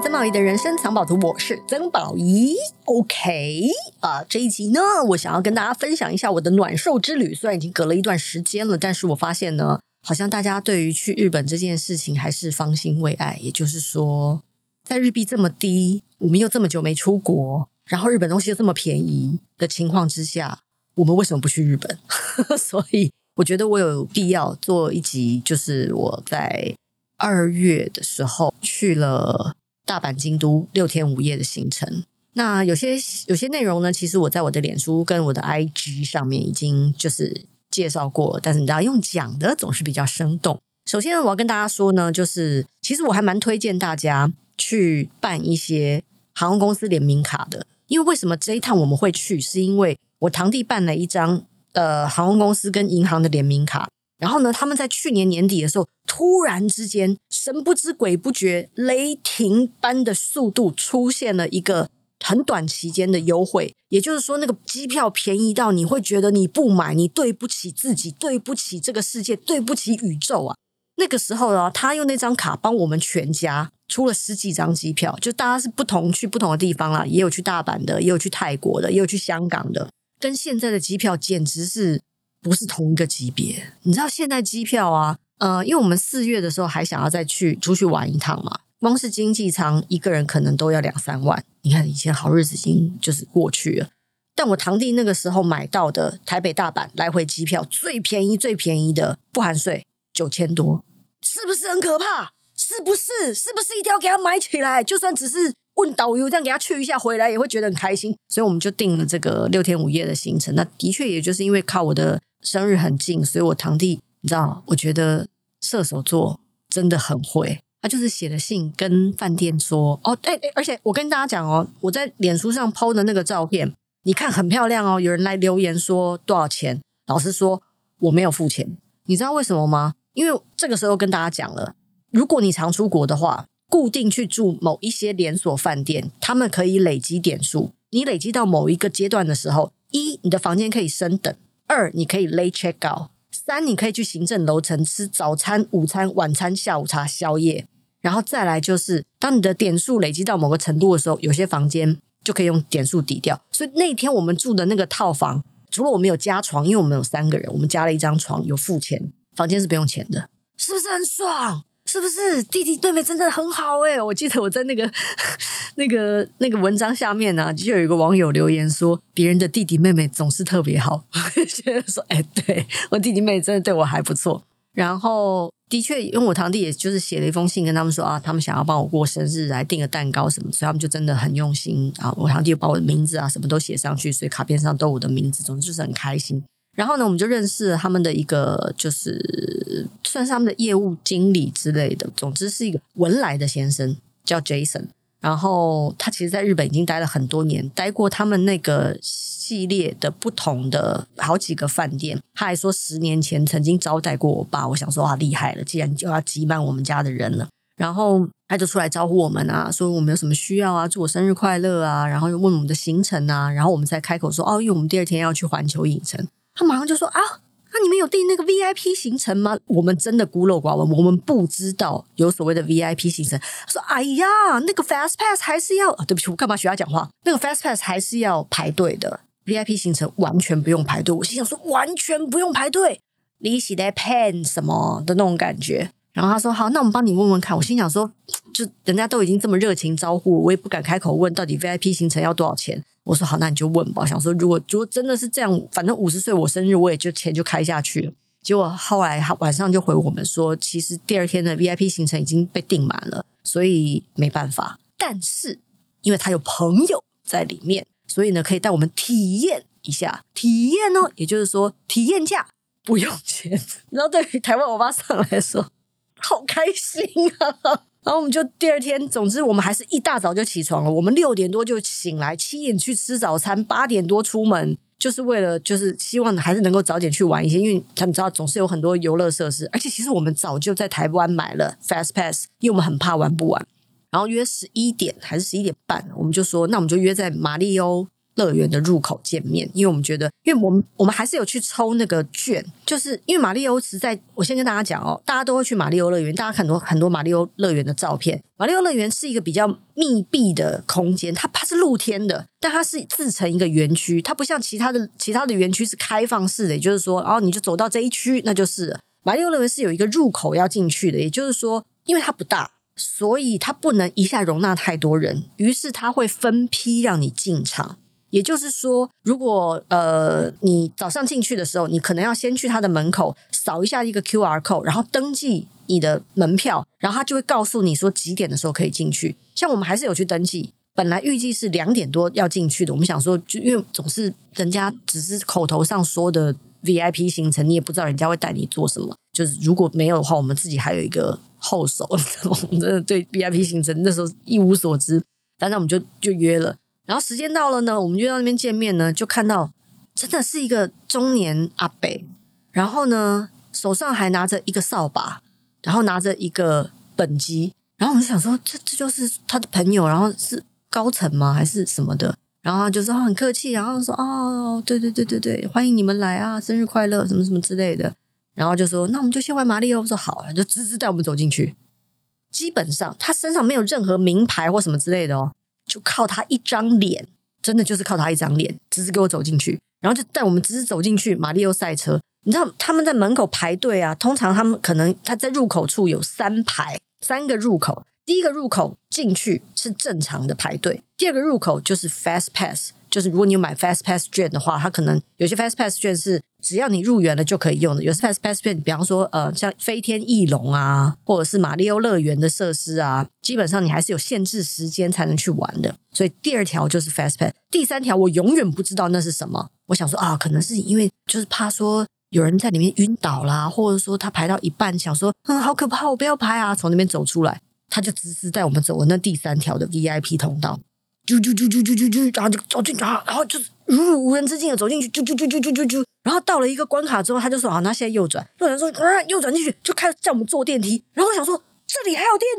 曾寶儀的人生藏寶圖博，我是曾寶儀。OK，啊，這一集呢，我想要跟大家分享一下我的暖壽之旅。雖然已經隔了一段時間了，但是我發現呢，好像大家對於去日本這件事情還是方興未艾。也就是說，在日幣這麼低，我們又這麼久沒出國，然後日本東西又這麼便宜的情況之下，我們為什麼不去日本？ 所以，我覺得我有必要做一集，就是我在二月的時候去了。大阪、京都六天五夜的行程，那有些有些內容呢，其實我在我的臉書跟我的 IG 上面已經就是介紹過，但是你知道，用講的總是比較生動。首先呢，我要跟大家說呢，就是其實我還蠻推薦大家去辦一些航空公司聯名卡的，因為為什麼這一趟我們會去，是因為我堂弟辦了一張呃航空公司跟銀行的聯名卡。然後呢，他們在去年年底的時候，突然之間神不知鬼不覺、雷霆般的速度，出現了一個很短期間的優惠。也就是說，那個機票便宜到你會覺得你不買，你對不起自己，對不起這個世界，對不起宇宙啊！那個時候呢，啊，他用那張卡幫我們全家出了十幾張機票，就大家是不同去不同的地方啦，也有去大阪的，也有去泰國的，也有去香港的，跟現在的機票簡直是。不是同一個級別，你知道現在機票啊，呃，因為我們四月的時候還想要再去出去玩一趟嘛，光是經濟艙一個人可能都要兩三萬。你看以前好日子已經就是過去了，但我堂弟那個時候買到的台北、大阪來回機票最便宜、最便宜的不含稅九千多，是不是很可怕？是不是？是不是一定要給他買起來？就算只是問導遊，這樣給他去一下，回來也會覺得很開心。所以我們就定了這個六天五夜的行程。那的確也就是因為靠我的，生日很近，所以我堂弟，你知道，我覺得射手座真的很會。他就是寫了信跟飯店說：“哦，哎、欸、哎，而且我跟大家講哦，我在臉書上 PO 的那個照片，你看很漂亮哦。”有人來留言說多少錢？老實說，我沒有付錢。你知道為什麼嗎？因為這個時候跟大家講了，如果你常出國的話，固定去住某一些連鎖飯店，他們可以累積點數。你累積到某一個階段的時候，一你的房間可以升等。二，你可以 late check out；三，你可以去行政樓層吃早餐、午餐、晚餐、下午茶、宵夜。然後再來就是，當你的點數累積到某個程度的時候，有些房間就可以用點數抵掉。所以那一天我們住的那個套房，除了我們有加床，因為我們有三個人，我們加了一張床，有付錢，房間是不用錢的，是不是很爽？是不是弟弟妹妹真的很好？哎、欸，我記得我在那個、那個、那個文章下面呢、啊，就有一個網友留言說，別人的弟弟妹妹總是特別好，我 就覺得說，哎、欸，對我弟弟妹妹真的對我還不錯。然後的確，因為我堂弟也就是寫了一封信跟他們說啊，他們想要幫我過生日，來訂個蛋糕什麼，所以他們就真的很用心啊。我堂弟又把我的名字啊什麼都寫上去，所以卡片上都有我的名字，總之就是很開心。然後呢，我們就認識了他們的一個就是。算是他們的業務經理之類的，總之是一個文萊的先生叫 Jason，然後他其實在日本已經待了很多年，待過他們那個系列的不同的好幾個飯店。他還說十年前曾經招待過我爸，我想說啊厲害了，既然就要集滿我們家的人了。然後他就出來招呼我們啊，說我們有什麼需要啊，祝我生日快樂啊，然後又問我們的行程啊，然後我們才開口說哦，因為我們第二天要去環球影城，他馬上就說啊。那你們有訂那個 VIP 行程嗎？我們真的孤陋寡聞，我們不知道有所謂的 VIP 行程。說，哎呀，那個 Fast Pass 還是要……啊、對不起，我幹嘛學他講話？那個 Fast Pass 還是要排隊的，VIP 行程完全不用排隊。我心想說，完全不用排隊你 i 在 pen 什麼的那種感覺。然後他說，好，那我們幫你問問看。我心想說，就人家都已經這麼熱情招呼，我也不敢開口問到底 VIP 行程要多少錢。我說好，那你就問吧。我想說如果如果真的是這樣，反正五十歲我生日我也就錢就開下去了。結果後來他晚上就回我們說，其實第二天的 VIP 行程已經被訂滿了，所以沒辦法。但是因為他有朋友在裡面，所以呢可以帶我們體驗一下體驗哦，也就是說體驗價不用錢。然後對於台灣歐巴桑來說，好開心啊！然後我們就第二天，總之我們還是一大早就起床了。我們六點多就醒來，七點去吃早餐，八點多出門，就是為了就是希望還是能夠早點去玩一些，因為他們知道，總是有很多遊樂設施。而且其實我們早就在台灣買了 Fast Pass，因為我們很怕玩不完。然後約十一點還是十一點半，我們就說那我們就約在瑪利歐樂園的入口見面，因為我們覺得，因為我們我們還是有去抽那個券，就是因為馬里歐池在。我先跟大家講哦，大家都會去馬里歐樂園，大家看很多很多馬里歐樂園的照片。馬里歐樂園是一個比較密閉的空間，它它是露天的，但它是自成一個園區，它不像其他的其他的園區是開放式的，也就是說，然後你就走到這一區，那就是了。馬里歐樂園是有一個入口要進去的，也就是說，因為它不大，所以它不能一下容納太多人，於是它會分批讓你進場。也就是說，如果呃，你早上進去的時候，你可能要先去他的門口掃一下一個 QR code，然後登記你的門票，然後他就會告訴你說幾點的時候可以進去。像我們還是有去登記，本來預計是兩點多要進去的。我們想說，就因為總是人家只是口頭上說的 VIP 行程，你也不知道人家會帶你做什麼。就是如果沒有的話，我們自己還有一個後手。我們真的對 VIP 行程那時候一無所知，但是我們就就約了。然後時間到了呢，我們約到那邊見面呢，就看到真的是一個中年阿伯，然後呢，手上還拿着一個掃把，然後拿着一個本機，然後我就想說，這這就是他的朋友，然後是高層嗎？還是什麼的？然後他就是很客氣，然後說哦，對對對對對，歡迎你們來啊，生日快樂，什麼什麼之類的。然後就說，那我們就先玩瑪利歐，我說好，就直直帶我們走進去。基本上他身上沒有任何名牌或什麼之類的哦。就靠他一張臉，真的就是靠他一張臉，直直給我走進去，然後就帶我們直直走進去《馬里奧賽車》，你知道他們在門口排隊啊？通常他們可能他在入口處有三排三個入口，第一個入口進去是正常的排隊，第二個入口就是 Fast Pass。就是如果你有買 Fast Pass 券的話，它可能有些 Fast Pass 券是只要你入園了就可以用的。有些 Fast Pass 券，比方說呃，像飛天翼龍啊，或者是馬里奧樂園的設施啊，基本上你還是有限制時間才能去玩的。所以第二條就是 Fast Pass。第三條我永遠不知道那是什麼。我想說啊，可能是因為就是怕說有人在裡面暈倒啦，或者說他排到一半想說嗯好可怕，我不要排啊，從那邊走出來，他就直接帶我們走了那第三條的 VIP 通道。啾啾啾啾啾啾，啾，然後就走進去，然後就是如入無人之境的走進去，啾啾啾啾啾啾，然後到了一個關卡之後，他就說：“好，那現在右轉。”右轉說：“啊，右轉進去就開始叫我們坐電梯。”然後想說：“這裡還有電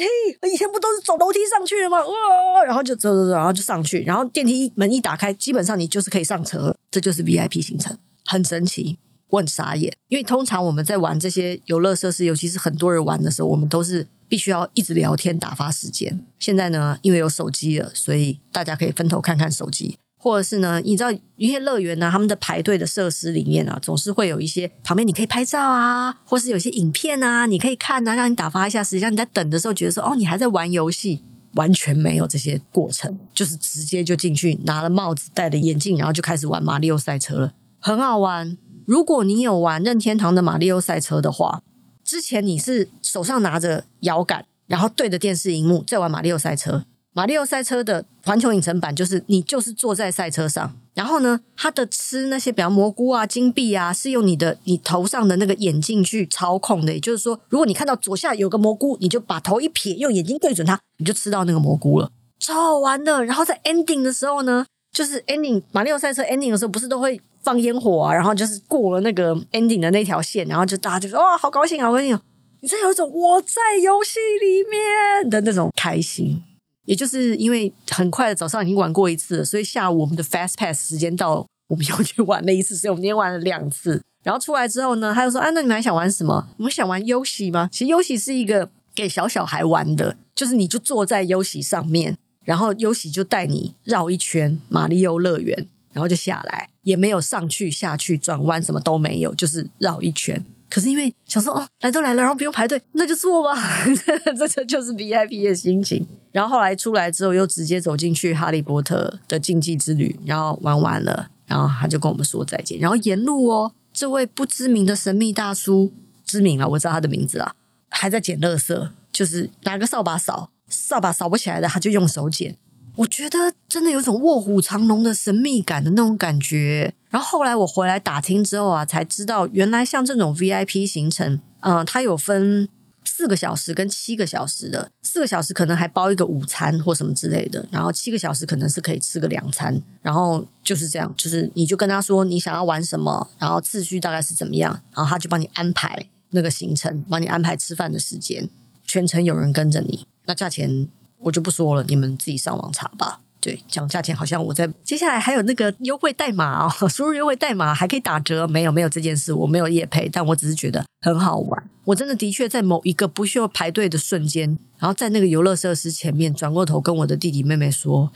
梯？以前不都是走樓梯上去了嗎？”啊、哦，然後就走走走，然後就上去，然後電梯門一打開，基本上你就是可以上車了。這就是 VIP 行程，很神奇，我很傻眼。因為通常我們在玩這些遊樂設施，尤其是很多人玩的時候，我們都是。必須要一直聊天打發時間。現在呢，因為有手機了，所以大家可以分頭看看手機，或者是呢，你知道一些樂園呢，他們的排隊的設施裡面啊，總是會有一些旁邊你可以拍照啊，或是有些影片啊，你可以看啊，讓你打發一下時間。你在等的時候覺得說，哦，你還在玩遊戲，完全沒有這些過程，就是直接就進去拿了帽子戴了眼鏡，然後就開始玩馬里奧賽車了，很好玩。如果你有玩任天堂的馬里奧賽車的話。之前你是手上拿着搖桿，然後對着電視熒幕在玩馬里奧賽車。馬里奧賽車的環球影城版就是你就是坐在賽車上，然後呢，它的吃那些比方蘑菇啊、金幣啊，是用你的你頭上的那個眼鏡去操控的。也就是說，如果你看到左下有個蘑菇，你就把頭一撇，用眼睛對準它，你就吃到那個蘑菇了，超好玩的。然後在 ending 的時候呢，就是 ending 馬里奧賽車 ending 的時候，不是都會，放煙火啊，然後就是過了那個 ending 的那條線，然後就大家就說：“哇、哦，好高興啊！”我跟你講，你真有一種我在遊戲裡面的那種開心。也就是因為很快的早上已經玩過一次了，所以下午我們的 fast pass 時間到，我們又去玩了一次，所以我們今天玩了兩次。然後出來之後呢，他就說：“啊，那你們還想玩什麼？我們想玩耀西嗎？”其實耀西是一個給小小孩玩的，就是你就坐在耀西上面，然後耀西就帶你繞一圈馬里奧樂園。然後就下來，也沒有上去下去轉彎，什麼都沒有，就是繞一圈。可是因為想說哦，來都來了，然後不用排隊，那就坐吧。 這就是 VIP 的心情。然後後來出來之後，又直接走進去《哈利波特》的禁忌之旅，然後玩完了，然後他就跟我們說再見。然後沿路哦，這位不知名的神秘大叔，知名啊，我知道他的名字啊，還在撿垃圾，就是拿個掃把掃，掃把掃不起來的，他就用手撿。我覺得真的有種臥虎藏龍的神祕感的那種感覺。然後後來我回來打聽之後啊，才知道原來像這種 VIP 行程，嗯、呃，它有分四個小時跟七個小時的。四個小時可能還包一個午餐或什麼之類的，然後七個小時可能是可以吃個兩餐。然後就是這樣，就是你就跟他說你想要玩什麼，然後次序大概是怎麼樣，然後他就幫你安排那個行程，幫你安排吃飯的時間，全程有人跟着你。那價錢。我就不說了，你們自己上網查吧。對，講價錢好像我在接下來還有那個優惠代碼哦，輸入優惠代碼還可以打折。沒有沒有這件事，我沒有業配，但我只是覺得很好玩。我真的的確在某一個不需要排隊的瞬間，然後在那個遊樂設施前面轉過頭，跟我的弟弟妹妹說：“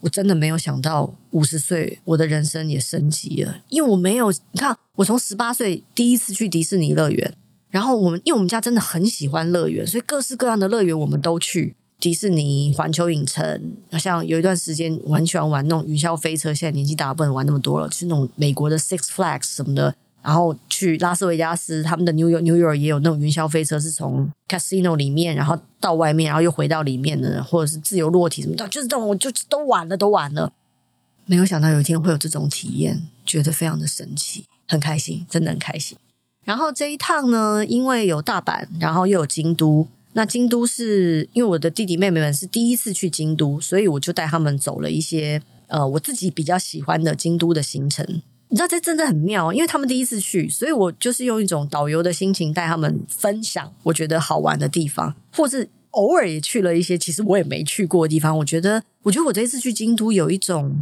我真的沒有想到，五十歲我的人生也升級了，因為我沒有你看，我從十八歲第一次去迪士尼樂園，然後我們因為我們家真的很喜歡樂園，所以各式各樣的樂園我們都去。”迪士尼、環球影城，像有一段時間完全玩那種雲霄飛車，現在年紀大不能玩那麼多了。去、就是、那種美國的 Six Flags 什麼的，然後去拉斯維加斯，他們的 New York New York 也有那種雲霄飛車，是從 Casino 裡面，然後到外面，然後又回到裡面的，或者是自由落體什麼的，就是這種我就，就，就都玩了，都玩了。沒有想到有一天會有這種體驗，覺得非常的神奇，很開心，真的很開心。然後這一趟呢，因為有大阪，然後又有京都。那京都是因為我的弟弟妹妹們是第一次去京都，所以我就帶他們走了一些呃我自己比較喜歡的京都的行程。你知道這真的很妙，因為他們第一次去，所以我就是用一種導遊的心情帶他們分享我覺得好玩的地方，或是偶爾也去了一些其實我也沒去過的地方。我覺得，我覺得我這一次去京都有一種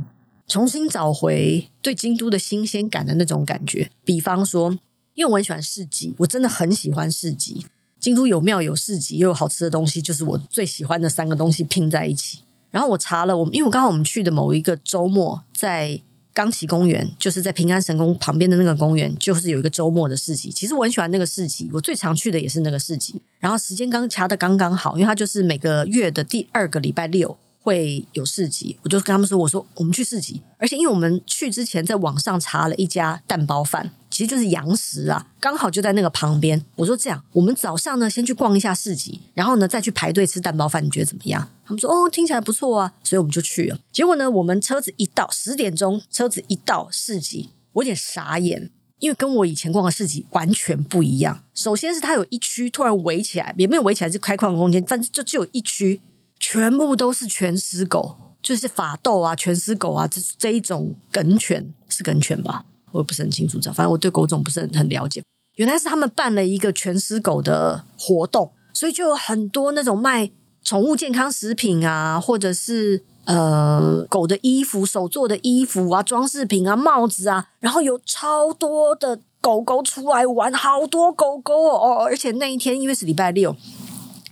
重新找回對京都的新鮮感的那種感覺。比方說，因為我很喜歡市集，我真的很喜歡市集。京都有廟有市集，又有好吃的東西，就是我最喜歡的三個東西拼在一起。然後我查了，我們，因為我剛好我們去的某一個周末，在岡崎公園，就是在平安神宮旁邊的那個公園，就是有一個周末的市集。其實我很喜歡那個市集，我最常去的也是那個市集。然後時間剛掐的剛剛好，因為它就是每個月的第二個禮拜六會有市集。我就跟他們說：“我說我們去市集。”而且因為我們去之前在網上查了一家蛋包飯。其實就是洋食啊，剛好就在那個旁邊。我說，這樣，我們早上呢先去逛一下市集，然後呢再去排隊吃蛋包飯，你覺得怎麼樣？他們說哦，聽起來不錯啊，所以我們就去了。結果呢，我們車子一到十點鐘，車子一到市集，我有點傻眼，因為跟我以前逛的市集完全不一樣。首先是它有一區突然圍起來，也沒有圍起來，是開放的空間，但是就只有一區全部都是拳師狗，就是法鬥啊、拳師狗啊，這這一種梗犬，是梗犬吧？我也不是很清楚，這，反正我對狗種不是很很了解。原來是他們辦了一個全是狗的活動，所以就有很多那種賣寵物健康食品啊，或者是呃狗的衣服、手做的衣服啊、裝飾品啊、帽子啊，然後有超多的狗狗出來玩，好多狗狗哦哦，而且那一天因為是禮拜六，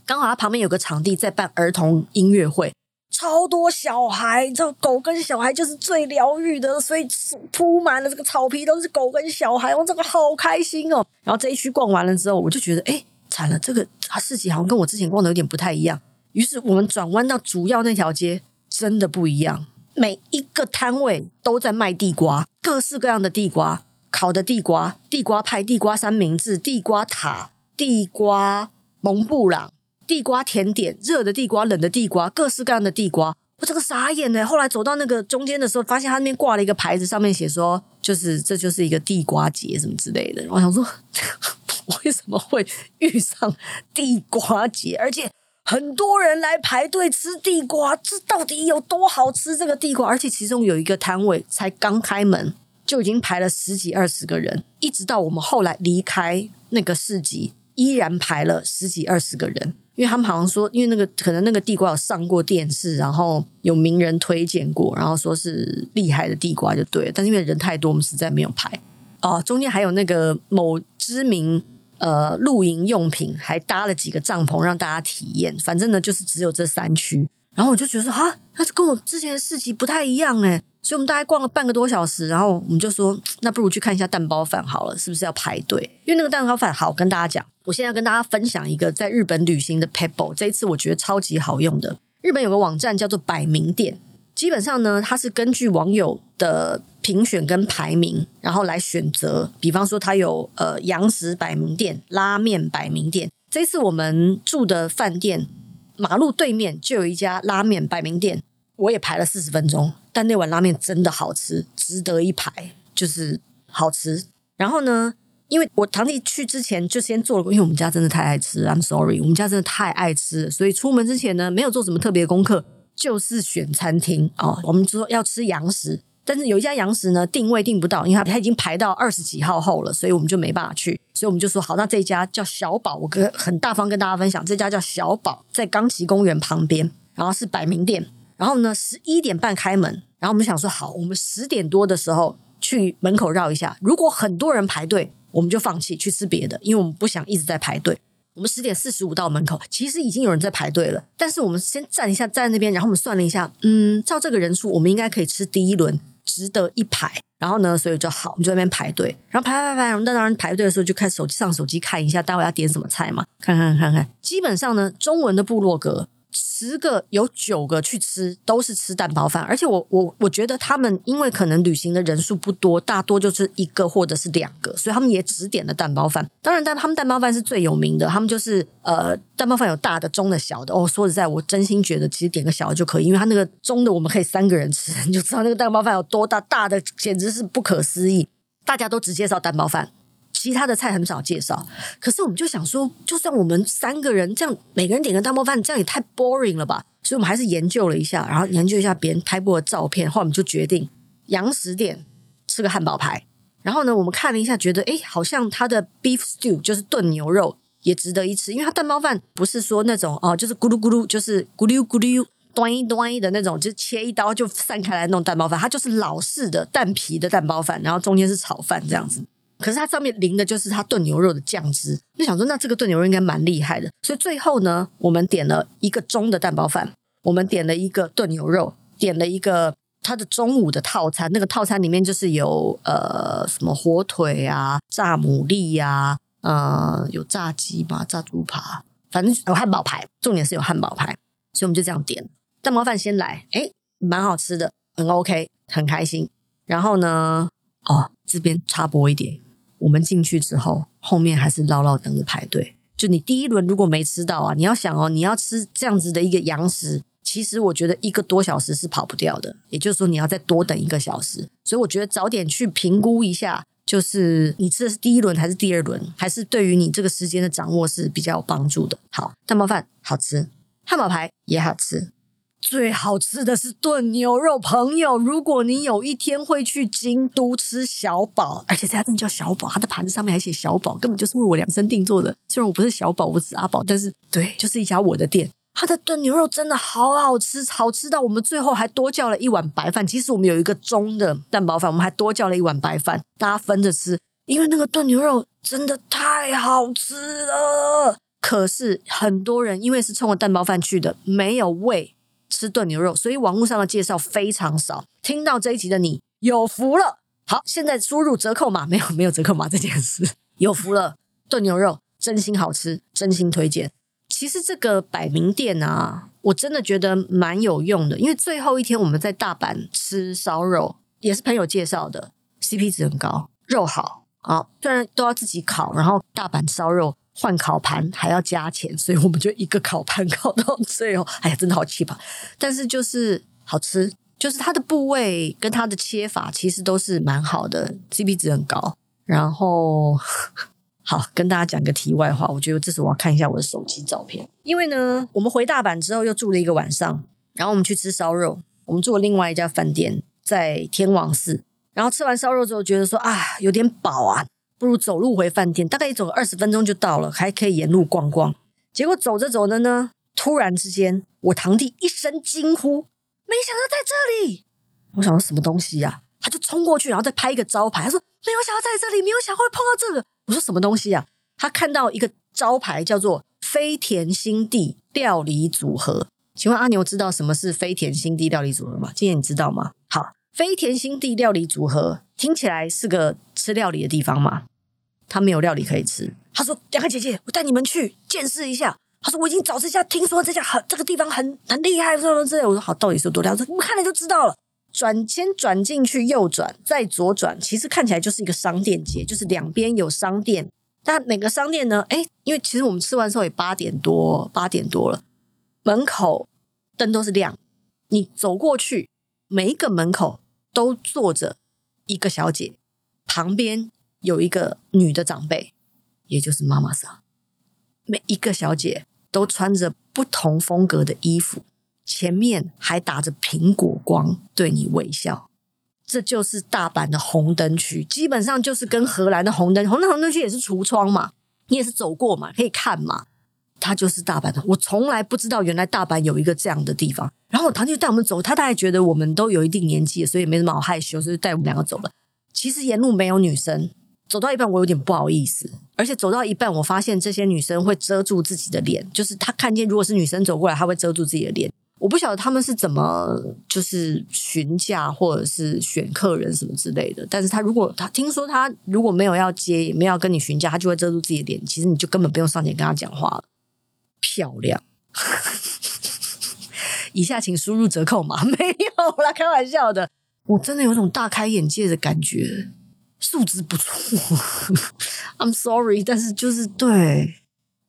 剛好他旁邊有個場地在辦兒童音樂會。超多小孩，你知道，這狗跟小孩就是最療癒的，所以鋪滿了這個草皮都是狗跟小孩，我這個好開心哦。然後這一區逛完了之後，我就覺得哎、欸、慘了，這個市集好像跟我之前逛的有點不太一樣。於是我們轉彎到主要那條街，真的不一樣，每一個攤位都在賣地瓜，各式各樣的地瓜，烤的地瓜、地瓜派、地瓜三明治、地瓜塔、地瓜蒙布朗。地瓜甜點，熱的地瓜，冷的地瓜，各式各樣的地瓜，我這個傻眼耶！後來走到那個中間的時候，發現他那邊掛了一個牌子，上面寫說，就是這就是一個地瓜節什麼之類的。我想說，為什麼會遇上地瓜節？而且很多人來排隊吃地瓜，這到底有多好吃？這個地瓜，而且其中有一個攤位才剛開門，就已經排了十幾二十個人，一直到我們後來離開那個市集，依然排了十幾二十個人。因為他們好像說，因為那個可能那個地瓜有上過電視，然後有名人推薦過，然後說是厲害的地瓜就對了。但是因為人太多，我們實在沒有排。哦，中間還有那個某知名呃露營用品，還搭了幾個帳篷讓大家體驗。反正呢，就是只有這三區。然後我就覺得說啊，那是跟我之前的市集不太一樣哎、欸。所以我們大概逛了半個多小時，然後我們就說，那不如去看一下蛋包飯好了，是不是要排隊？因為那個蛋包飯好，跟大家講，我現在要跟大家分享一個在日本旅行的撇步，這一次我覺得超級好用的。日本有個網站叫做百名店，基本上呢，它是根據網友的評選跟排名，然後來選擇。比方說，它有呃洋食百名店、拉麵百名店。這一次我們住的飯店馬路對面就有一家拉麵百名店。我也排了四十分鐘，但那碗拉麵真的好吃，值得一排，就是好吃。然後呢，因為我堂弟去之前就先做了，因為我們家真的太愛吃，I'm sorry，我們家真的太愛吃了，所以出門之前呢，沒有做什麼特別的功課，就是選餐廳哦。我們說要吃洋食，但是有一家洋食呢，訂位訂不到，因為它它已經排到二十幾號後了，所以我們就沒辦法去。所以我們就說好，那這一家叫小寶，我跟很大方跟大家分享，這家叫小寶，在岡崎公園旁邊，然後是百名店。然後呢，十一點半開門。然後我們想說，好，我們十點多的時候去門口繞一下。如果很多人排隊，我們就放棄去吃別的，因為我們不想一直在排隊。我們十點四十五到門口，其實已經有人在排隊了。但是我們先站一下，站在那邊。然後我們算了一下，嗯，照這個人數，我們應該可以吃第一輪，值得一排。然後呢，所以就好，我們就在那邊排隊。然後排排排，那當然排隊的時候就看手機，上手機看一下待會要點什麼菜嘛，看看看看。基本上呢，中文的部落格，十個有九個去吃都是吃蛋包飯，而且我我我覺得他們，因為可能旅行的人數不多，大多就是一個或者是兩個，所以他們也只點了蛋包飯。當然，但他們蛋包飯是最有名的，他們就是呃蛋包飯有大的、中的、小的。哦，說實在，我真心覺得其實點個小的就可以，因為他那個中的我們可以三個人吃，你就知道那個蛋包飯有多大，大的簡直是不可思議，大家都只介紹蛋包飯。其他的菜很少介紹，可是我們就想說，就算我們三個人這樣，每個人點個蛋包飯，這樣也太 boring 了吧？所以，我們還是研究了一下，然後研究一下，別人拍過的照片，後來我們就決定洋食店吃個漢堡排。然後呢，我們看了一下，覺得哎，好像它的 beef stew 就是燉牛肉也值得一吃，因為它蛋包飯不是說那種哦，就是咕嚕咕嚕，就是咕嚕咕嚕，端一端一的那種，就是、切一刀就散開來那種蛋包飯，它就是老式的蛋皮的蛋包飯，然後中間是炒飯這樣子。可是它上面淋的就是它燉牛肉的醬汁，就想說那這個燉牛肉應該蠻厲害的。所以最後呢，我們點了一個中的蛋包飯，我們點了一個燉牛肉，點了一個它的中午的套餐。那個套餐裡面就是有呃什麼火腿啊、炸牡蠣呀、啊，呃有炸雞嘛、炸豬扒，反正有漢堡排，重點是有漢堡排。所以我們就這樣點蛋包飯先來，誒，蠻好吃的，很、嗯、OK，很開心。然後呢，哦，這邊插播一點。我們進去之後，後面還是牢牢等着排隊。就你第一輪如果沒吃到啊，你要想哦，你要吃這樣子的一個洋食，其實我覺得一個多小時是跑不掉的。也就是說，你要再多等一個小時。所以我覺得早點去評估一下，就是你吃的是第一輪還是第二輪，還是對於你這個時間的掌握是比較有幫助的。好，蛋包飯好吃，漢堡排也好吃。最好吃的是燉牛肉，朋友。如果你有一天會去京都吃小寶，而且這家店叫小寶，他的盤子上面還寫小寶，根本就是為我量身定做的。雖然我不是小寶，我是阿寶，但是對，就是一家我的店。他的燉牛肉真的好好吃，好吃到我們最後還多叫了一碗白飯。其實我們有一個中的蛋包飯，我們還多叫了一碗白飯，大家分着吃，因為那個燉牛肉真的太好吃了。可是很多人因為是衝着蛋包飯去的，沒有胃吃燉牛肉，所以網絡上的介紹非常少。聽到這一集的你有福了。好，現在輸入折扣碼，沒有沒有折扣碼這件事，有福了。 燉牛肉真心好吃，真心推薦。其實這個百名店啊，我真的覺得蠻有用的，因為最後一天我們在大阪吃燒肉，也是朋友介紹的，CP 值很高，肉好啊，雖然都要自己烤，然後大阪燒肉，換烤盤還要加錢，所以我們就一個烤盤烤到最後，哎呀，真的好 cheap，但是就是好吃，就是它的部位跟它的切法其實都是蠻好的，CP 值很高。然後好跟大家講個題外話，我覺得這時候我要看一下我的手機照片，因為呢，我們回大阪之後又住了一個晚上，然後我們去吃燒肉，我們住了另外一家飯店在天王寺，然後吃完燒肉之後覺得說啊，有點飽啊。不如走路回飯店，大概一走二十分鐘就到了，還可以沿路逛逛。結果走着走着呢，突然之間，我堂弟一聲驚呼，沒想到在這裡。我想說什麼東西呀、啊？他就衝過去，然後再拍一個招牌。他說：“沒有想到在這裡，沒有想到會碰到這個。”我說：“什麼東西呀、啊？”他看到一個招牌叫做“飛田新地料理組合”。請問阿牛知道什麼是“飛田新地料理組合”嗎？今天你知道嗎？飛田新地料理組合，聽起來是個吃料理的地方嗎？他沒有料理可以吃。他說：“兩個姐姐，我帶你們去見識一下。”他說：“我已經找這家聽說這家很這個地方很很厲害什麼之類。”我說：“好，到底是有多厲害？你們看了就知道了。轉”轉先轉進去右轉再左轉，其實看起來就是一個商店街，就是兩邊有商店。但哪個商店呢？哎，因為其實我們吃完之後也八點多八點多了，門口燈都是亮。你走過去每一個門口。都坐着一個小姐，旁邊有一個女的長輩，也就是媽媽桑。每一個小姐都穿着不同風格的衣服，前面還打着蘋果光對你微笑。這就是大阪的紅燈區，基本上就是跟荷蘭的紅燈，紅燈紅燈區也是櫥窗嘛，你也是走過嘛，可以看嘛。他就是大阪的，我從來不知道原來大阪有一個這樣的地方。然後他就帶我們走，他大概覺得我們都有一定年紀了，所以沒什麼好害羞，所以就帶我們兩個走了。其實沿路沒有女生，走到一半我有點不好意思，而且走到一半我發現這些女生會遮住自己的臉，就是他看見如果是女生走過來，他會遮住自己的臉。我不曉得他們是怎麼就是詢價或者是選客人什麼之類的，但是他如果他聽說他如果沒有要接，也沒有要跟你詢價，他就會遮住自己的臉。其實你就根本不用上前跟他講話了。漂亮， 以下請輸入折扣碼，沒有啦，開玩笑的。我真的有種大開眼界的感覺，素質不錯。 I'm sorry，但是就是對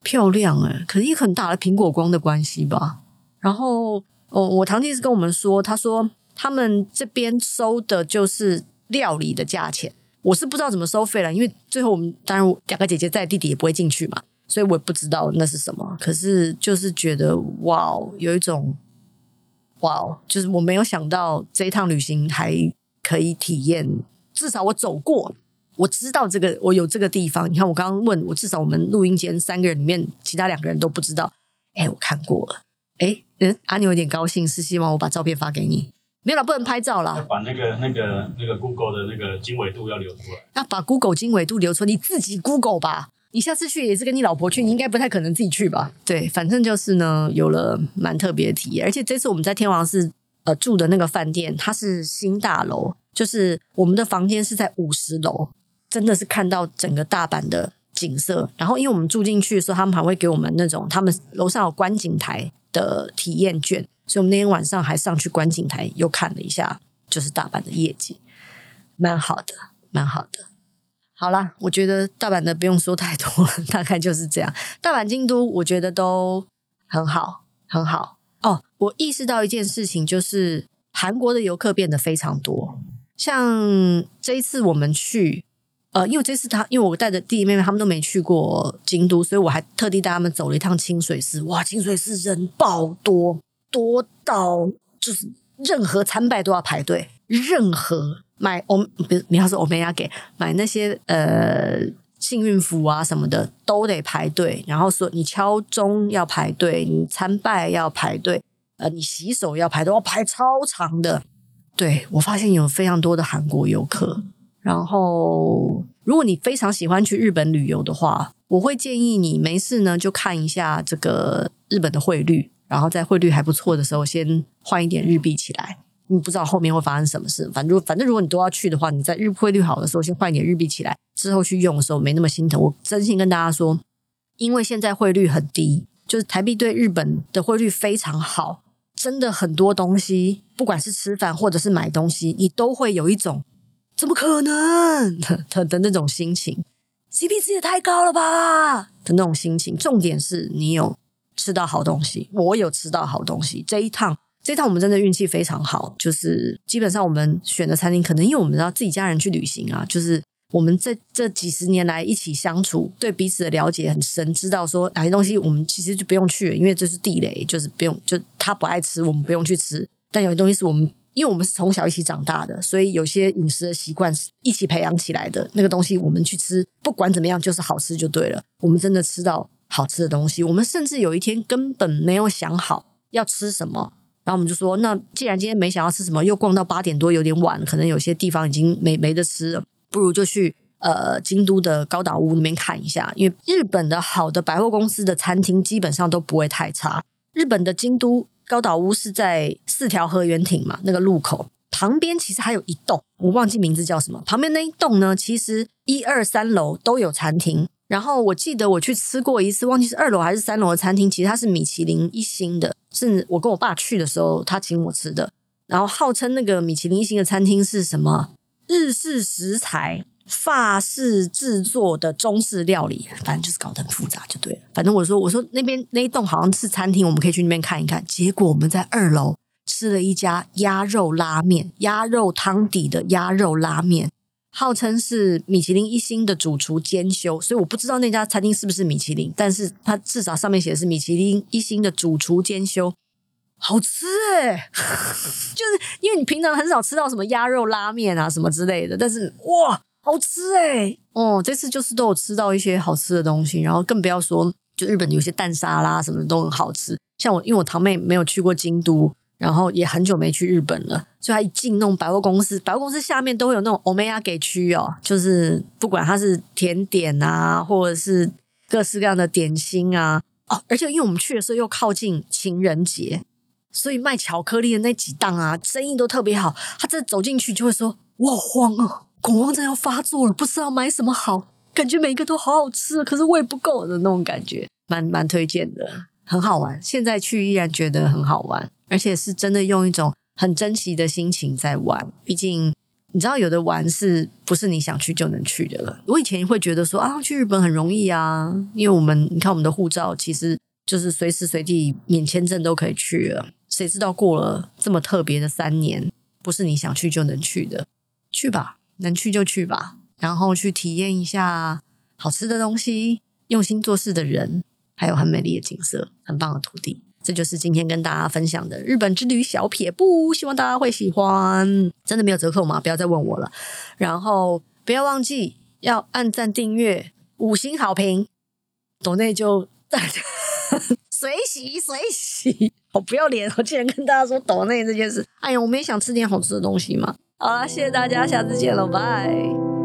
漂亮哎、欸，可是也可能打了蘋果光的關係吧。然後哦，我堂弟是跟我們說，他說他們這邊收的就是料理的價錢。我是不知道怎麼收費了，因為最後我們當然兩個姐姐在，弟弟也不會進去嘛。所以我也不知道那是什麼，可是就是覺得哇哦，有一種哇哦，就是我沒有想到這一趟旅行還可以體驗，至少我走過，我知道這個，我有這個地方。你看我剛剛問我，至少我們錄音間三個人裡面，其他兩個人都不知道。哎，我看過了。哎，嗯、啊，阿牛有點高興，是希望我把照片發給你。沒有了，不能拍照啦。把那個那個那個 Google 的那個經緯度要留出來。那把 Google 經緯度留出來，你自己 Google 吧。你下次去也是跟你老婆去，你應該不太可能自己去吧？對，反正就是呢，有了蠻特別的體驗。而且這次我們在天王寺呃住的那個飯店，它是新大樓，就是我們的房間是在五十樓，真的是看到整個大阪的景色。然後，因為我們住進去的時候，他們還會給我們那種他們樓上有觀景台的體驗券，所以我們那天晚上還上去觀景台又看了一下，就是大阪的夜景，蠻好的，蠻好的。好啦，我覺得大阪的不用說太多，大概就是這樣。大阪、京都，我覺得都很好，很好。哦，我意識到一件事情，就是韓國的遊客變得非常多。像這一次我們去，呃，因為這次他，因為我帶着弟弟妹妹，他們都沒去過京都，所以我還特地帶他們走了一趟清水寺。哇，清水寺人爆多，多到就是任何參拜都要排隊，任何。買歐，不是，你要是歐米亞給，買那些呃幸運符啊什麼的都得排隊，然後說你敲鐘要排隊，你參拜要排隊，呃你洗手要排隊，哦，排超長的。對，我發現有非常多的韓國遊客。然後如果你非常喜歡去日本旅遊的話，我會建議你沒事呢，就看一下這個日本的匯率，然後在匯率還不錯的時候先換一點日幣起來。你不知道後面會發生什麼事，反正如反正如果你都要去的話，你在日匯率好的時候先換點日幣起來，之後去用的時候沒那麼心疼。我真心跟大家說，因為現在匯率很低，就是台幣對日本的匯率非常好，真的很多東西，不管是吃飯或者是買東西，你都會有一種怎麼可能的的那種心情，CP 值也太高了吧的那種心情。重點是你有吃到好東西，我有吃到好東西，這一趟。這趟我們真的運氣非常好，就是基本上我們選的餐廳，可能因為我們要自己家人去旅行啊，就是我們在這幾十年來一起相處，對彼此的了解很深，知道說哪些東西我們其實就不用去，因為這是地雷，就是不用就他不愛吃，我們不用去吃。但有些東西是我們，因為我們是從小一起長大的，所以有些飲食的習慣是一起培養起來的。那個東西我們去吃，不管怎麼樣就是好吃就對了。我們真的吃到好吃的東西，我們甚至有一天根本沒有想好要吃什麼。然後我們就說，那既然今天沒想要吃什麼，又逛到八點多有點晚，可能有些地方已經沒沒得吃了，不如就去呃京都的高島屋那邊看一下。因為日本的好的百貨公司的餐廳基本上都不會太差。日本的京都高島屋是在四條河原町嘛，那個路口旁邊其實還有一棟，我忘記名字叫什麼。旁邊那一棟呢，其實一二三樓都有餐廳。然後我記得我去吃過一次，忘記是二樓還是三樓的餐廳，其實它是米其林一星的。是我跟我爸去的時候，他請我吃的。然後號稱那個米其林星的餐廳是什麼，日式食材，法式製作的中式料理，反正就是搞得很複雜就對了。反正我說我說那邊那一棟好像是餐廳，我們可以去那邊看一看。結果我們在二樓吃了一家鴨肉拉麵，鴨肉湯底的鴨肉拉麵。號稱是米其林一星的主廚監修，所以我不知道那家餐廳是不是米其林，但是它至少上面寫的是米其林一星的主廚監修，好吃誒、欸、 就是因為你平常很少吃到什麼鴨肉拉面啊什麼之類的，但是哇，好吃誒、欸、哦、嗯，這次就是都有吃到一些好吃的東西，然後更不要說就日本有些蛋沙拉什麼的都很好吃，像我因為我堂妹沒有去過京都。然後也很久沒去日本了，所以他一進那種百貨公司，百貨公司下面都會有那種歐米亞給區哦，就是不管它是甜點啊，或者是各式各樣的點心啊，哦，而且因為我們去的時候又靠近情人節，所以賣巧克力的那幾檔啊，生意都特別好。他這走進去就會說：“我好慌啊，恐慌症要發作了，不知道買什麼好，感覺每一個都好好吃，可是胃不夠的那種感覺，蠻蠻推薦的，很好玩。現在去依然覺得很好玩。”而且是真的用一種很珍惜的心情在玩，畢竟你知道有的玩是不是你想去就能去的了？我以前會覺得說啊，去日本很容易啊，因為我們你看我們的護照其實就是隨時隨地免簽證都可以去了，誰知道過了這麼特別的三年，不是你想去就能去的。去吧，能去就去吧，然後去體驗一下好吃的東西，用心做事的人，還有很美麗的景色，很棒的土地。這就是今天跟大家分享的日本之旅小撇步，希望大家會喜歡。真的沒有折扣嗎？不要再問我了。然後不要忘記要按讚、訂閱、五星好評。斗內就大家隨喜隨喜，好不要臉，我竟然跟大家說斗內這件事。哎呀，我們也想吃點好吃的東西嘛。好啦，謝謝大家，下次見了，拜。